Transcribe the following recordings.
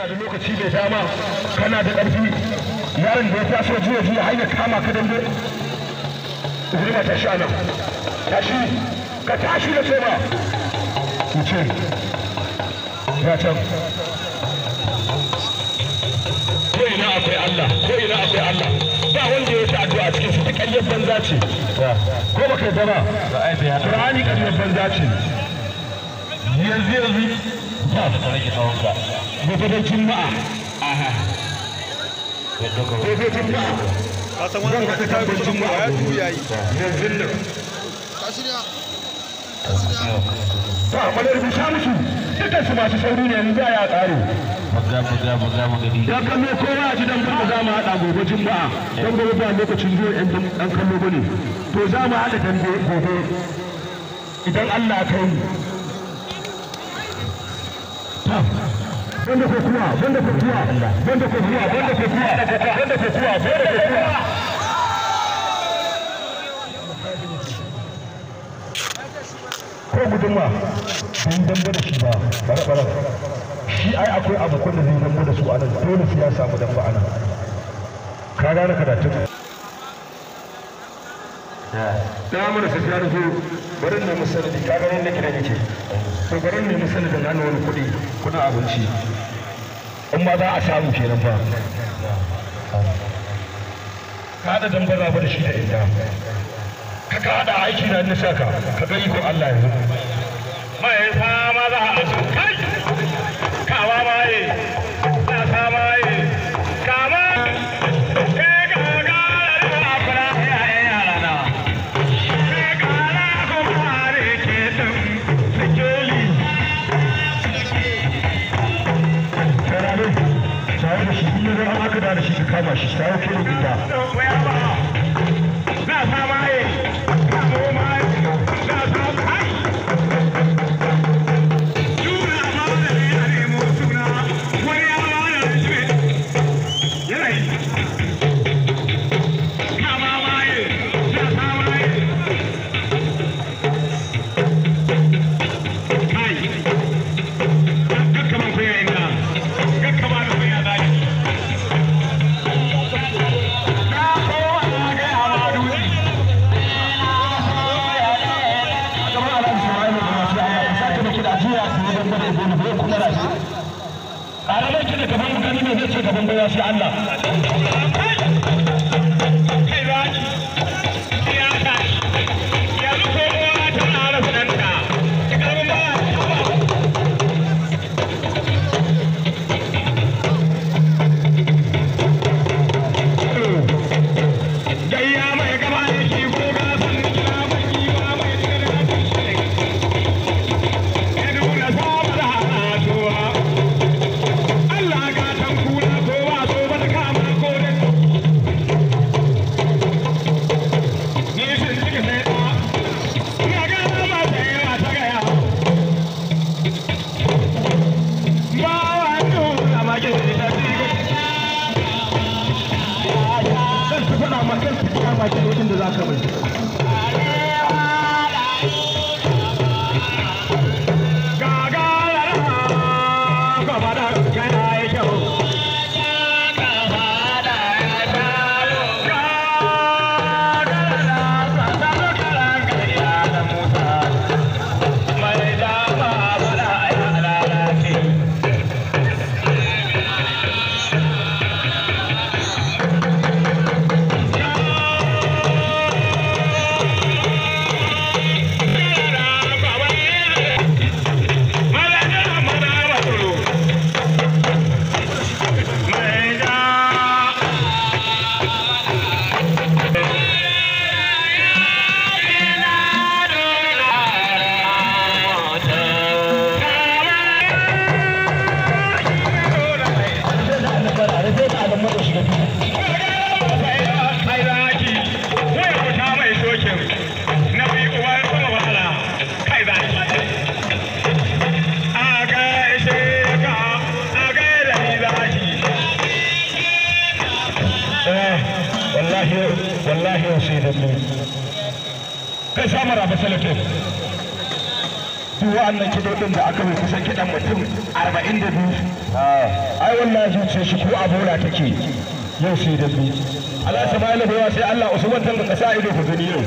kana da lokaci mai dama kana da ƙarfi yaron da ya taso jiya jiya har ya kama ka dambe ba ta sha nan tashi ka tashi da tsoma ce ya can ko ina akwai Allah ko ina akwai Allah ba wanda ya ta addu'a cikin su duk ƙaryar banza ce ko baka ai zama ra'ani ƙaryar banza ce yanzu yanzu za su tare ki tsawon sa gobe da juma'a aha gobe juma'a ka san wannan ka ta gobe juma'a ya tuya yi yanzu nan tasiriya ba malar bisa musu dukkan su masu sauri ne yanzu ya karo buga buga buga buga ni dan kallo kowa a gidan ba za mu hada gobe juma'a dan gobe ba lokacin zuwa yan dan kallo bane to za mu hada dambe gobe idan Allah ya kai mu banda kokuwa kokuwa kokuwa kokuwa kokuwa kokuwa ko gudunma sun dambe da shi ba bare-bare shi ai akwai abokan da zai dambe da su a nan su ya samu dambe a nan ka gane karatun eh. damar su barin ne musanadi ka ganin da kiran yake to barin ne musanadi na wani kuɗi kuɗin abinci in ma za a samu kenan ba ka haɗa dan baza ba da shi da inda ka ka haɗa aiki na nisa ka ka ga iko Allah yanzu ma yayin shi da ne zai ce gaban Allah zan fi faɗa ma kanka da za ka bai Kai ಜಿಲ್ಲೆಯ ವಿಷಯದಲ್ಲಿ ಕಸಾಮರ ಬಸಲಟೇರು wa'annan kidodin da aka kusan kiɗan mutum arba'in da biyu ai wallahi zuciya shi ko abola take yau sai da biyu Allah ta bayyana bawa sai Allah usman dan ka sa ido ku gani yau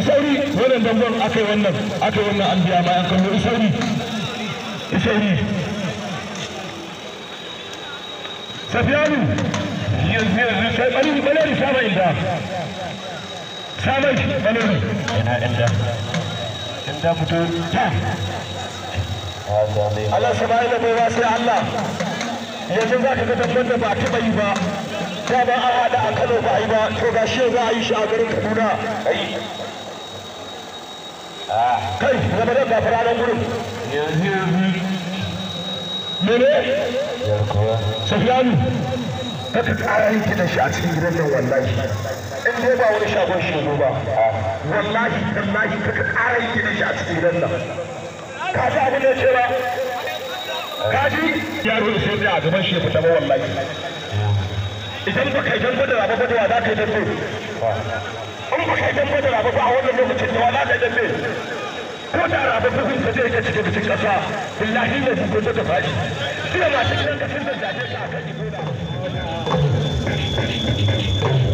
isauri wannan dangon akai wannan akai wannan an biya bayan kallo isauri isauri balori balori sama inda sama yana ta Allah subhanahu da ta'ala sai Allah yanzu za ka ga dabban da ba taɓa yi ba da ba a a Kano ba ba to ga shi za a yi shi a garin Kaduna kai zama da gafara nan gurin yanzu yanzu mene Safiyanu wata ƙara yin kiɗan shi a cikin gidan nan wallahi in dai ba wani shagon shi ba wallahi wallahi kaka ƙara yin kiɗan shi a cikin gidan nan ka ji abin da ya ce ba ka ji yaro da soja a gaban shi ya fita ba wallahi idan ba kai jan badara ba badara za ka yi dambe in ba kai jan badara ba a wannan lokacin da za ka yi dambe ko da rabu bugun ta zai ta cike cikin ƙasa billahi ne ko ta fashi sai ma cikin kasin da jaje a kan ibola Gracias.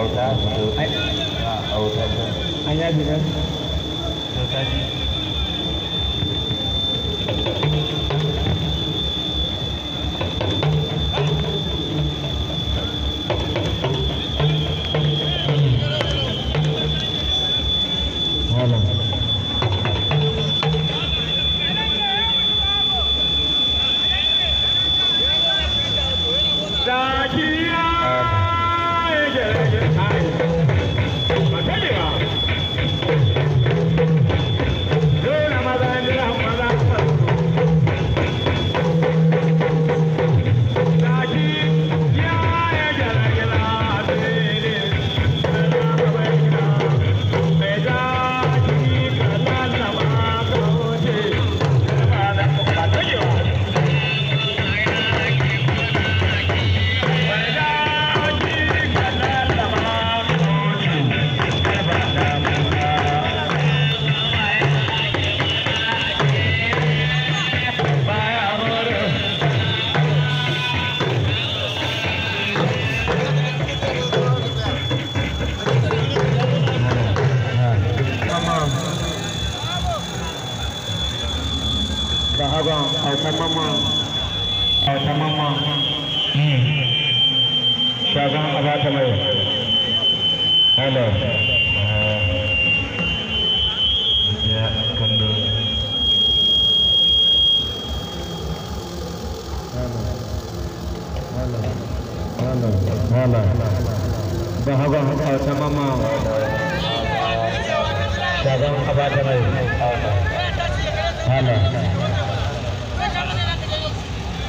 a wuta a wuta an బాగా అవసరమ్మ అవసరమ్మ శాఖ అవాసమే hello కందు hello hello బాగా అవసరమ్మ शागम आवाज में hello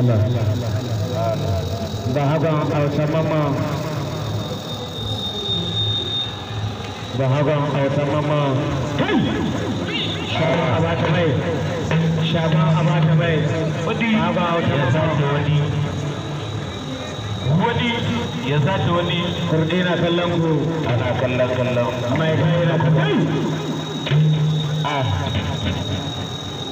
Sala Dhahaga al-Samama Dhahaga al-Samama Shama Abatamai Shama Abatamai Dhahaga al-Samama wani ya za ta wani kurdi na kallon ku ana kallon kallon mai kai na kallon ah.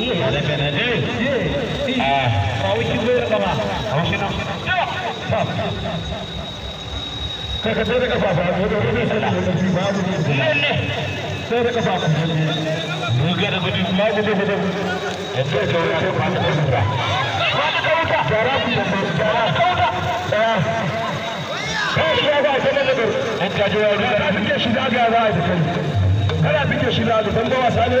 kai ka sai da kafa ba ko da wani sai da kafa ba ko da sai da kafa mu ga da gudu ma ga da gudu da kai ka wani kai ba da gudu ba wani kauta tara ku da tara kauta kai shi ba sai da gudu in ka ji wani kana fike shi da ga ba da kai kana fike shi da ga ban da wasa ne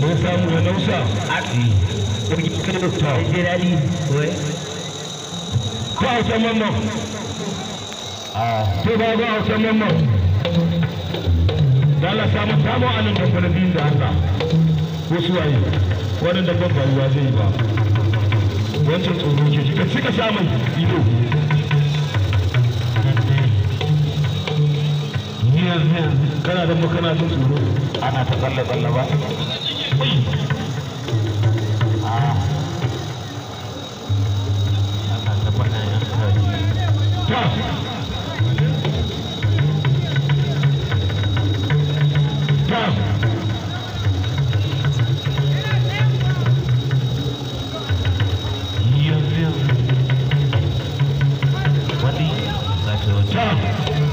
ko samu ya nausa ah. ba ga hausa mamman da Allah samu samu a nan da kwalabin da haka wasu yi. waɗanda ban faruwa zai ba wancan tsoro ke shi ka cika samun ido yanzu kana da makana sun tsoro ana ta tsalle tsalle ba Tom.